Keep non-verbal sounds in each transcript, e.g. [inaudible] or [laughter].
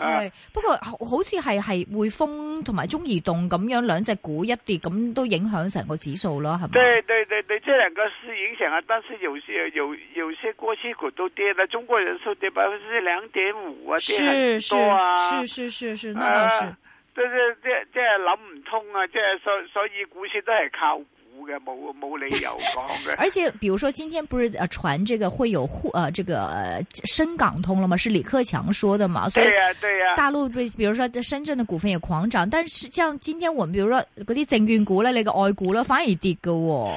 係，不過好似係係匯豐同埋中移動咁樣，兩隻股一跌咁都影響成個指數啦，係咪？對對對對，即係、就是、兩個是影響啊，但是有些有有些國企股都跌啦，中國人壽跌百分之兩點五啊，跌很多啊，是是是是，是，是，那倒是。即係即係即係諗唔通啊！即係所所以股市都係靠。冇冇理由講嘅， [laughs] 而且，比如說今天不是傳這個會有滬，呃，這個深港通了嗎？是李克強說的嘛？所以大陸，比，比如說深圳的股份也狂漲，但是像今天我們，比如說嗰啲證券股啦、你、這個外股啦，反而跌噶喎。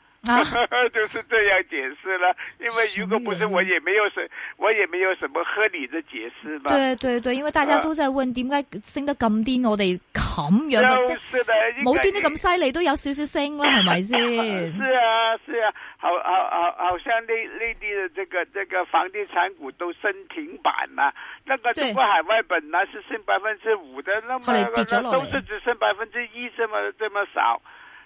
啊， [laughs] 就是這樣解釋啦。因為如果不是我也沒有什我也沒有什麼合理的解釋嘛。對、啊、對、啊、對、啊，因為大家都在問點解升得咁癲，我哋咁樣嘅冇癲得咁犀利，都有少少升啦，係咪先？冇癲得咁犀利，都有少少升啦，係咪先？係啊係啊，好好好，好像內內地嘅這個這個房地產股都升停板啦。那個中國海外本來是升百分之五的，那麼，都是只剩百分之一，這麼這麼少。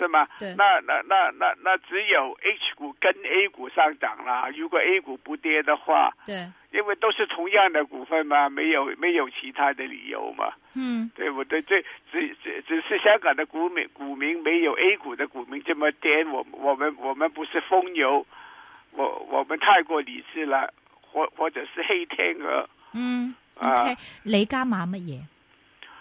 是嘛？對，那那那那那，那只有 H 股跟 A 股上漲啦。如果 A 股不跌的話，對，因為都是同樣的股份嘛，沒有沒有其他的理由嘛。嗯，對不對？對，只只只只是香港的股民股民沒有 A 股的股民這麼癲。我我們我們不是瘋牛，我我們太過理智了，或或者是黑天鵝。嗯，okay. 啊，你加碼乜嘢？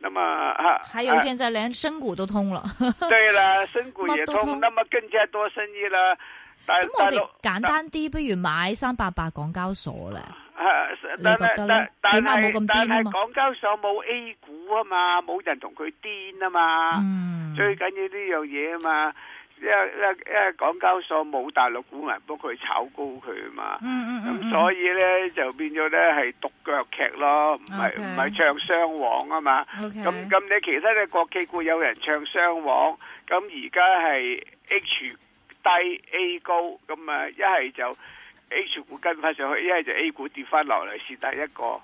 那麼、啊、還有現在連深股都通了。對啦，深股也通，通，那麼更加多生意啦。咁我哋簡單啲，不如買三八八港交所咧、啊。你覺得咧？起碼冇咁癲啊嘛。但係港交所冇 A 股啊嘛，冇人同佢癲啊嘛。嗯。最緊要呢樣嘢啊嘛。因為因因港交所冇大陸股民幫佢炒高佢啊嘛，咁、嗯嗯嗯、所以咧就變咗咧係獨腳劇咯，唔係唔係唱雙簧啊嘛。咁、okay. 咁你其他嘅國企股有人唱雙簧，咁而家係 H 低 A 高咁啊，一係就 H 股跟翻上去，一係就 A 股跌翻落嚟是第一個。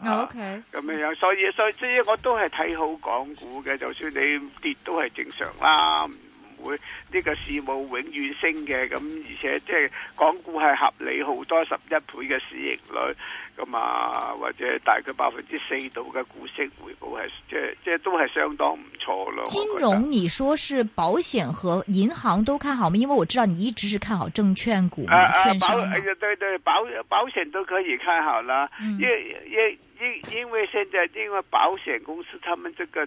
O K 咁樣樣，所以所以，所以我都係睇好港股嘅，就算你跌都係正常啦。會、這、呢個市冇永遠升嘅，咁，而且即係港股係合理好多十一倍嘅市盈率㗎嘛，或者大概百分之四度嘅股息回報係即係即係都係相當唔錯咯。金融你說是保險和銀行都看好嗎？因為我知道你一直是看好證券股嘛，啊券商啊、保，哎、啊、對對，保保，保險都可以看好了，嗯、因因因因為現在因為保險公司他們這個。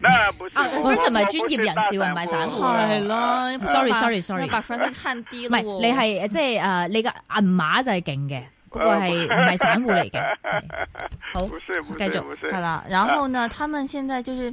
啊 friendship 唔係專業人士喎，唔係散戶。係、啊、啦，sorry，sorry，sorry、啊啊 sorry，啊 sorry，啊。你把 friendship 看低啦。唔係，你係即係誒，你個銀碼就係勁嘅，不過係唔係散戶嚟嘅。好，繼續係啦。然後呢、啊，他們現在就是。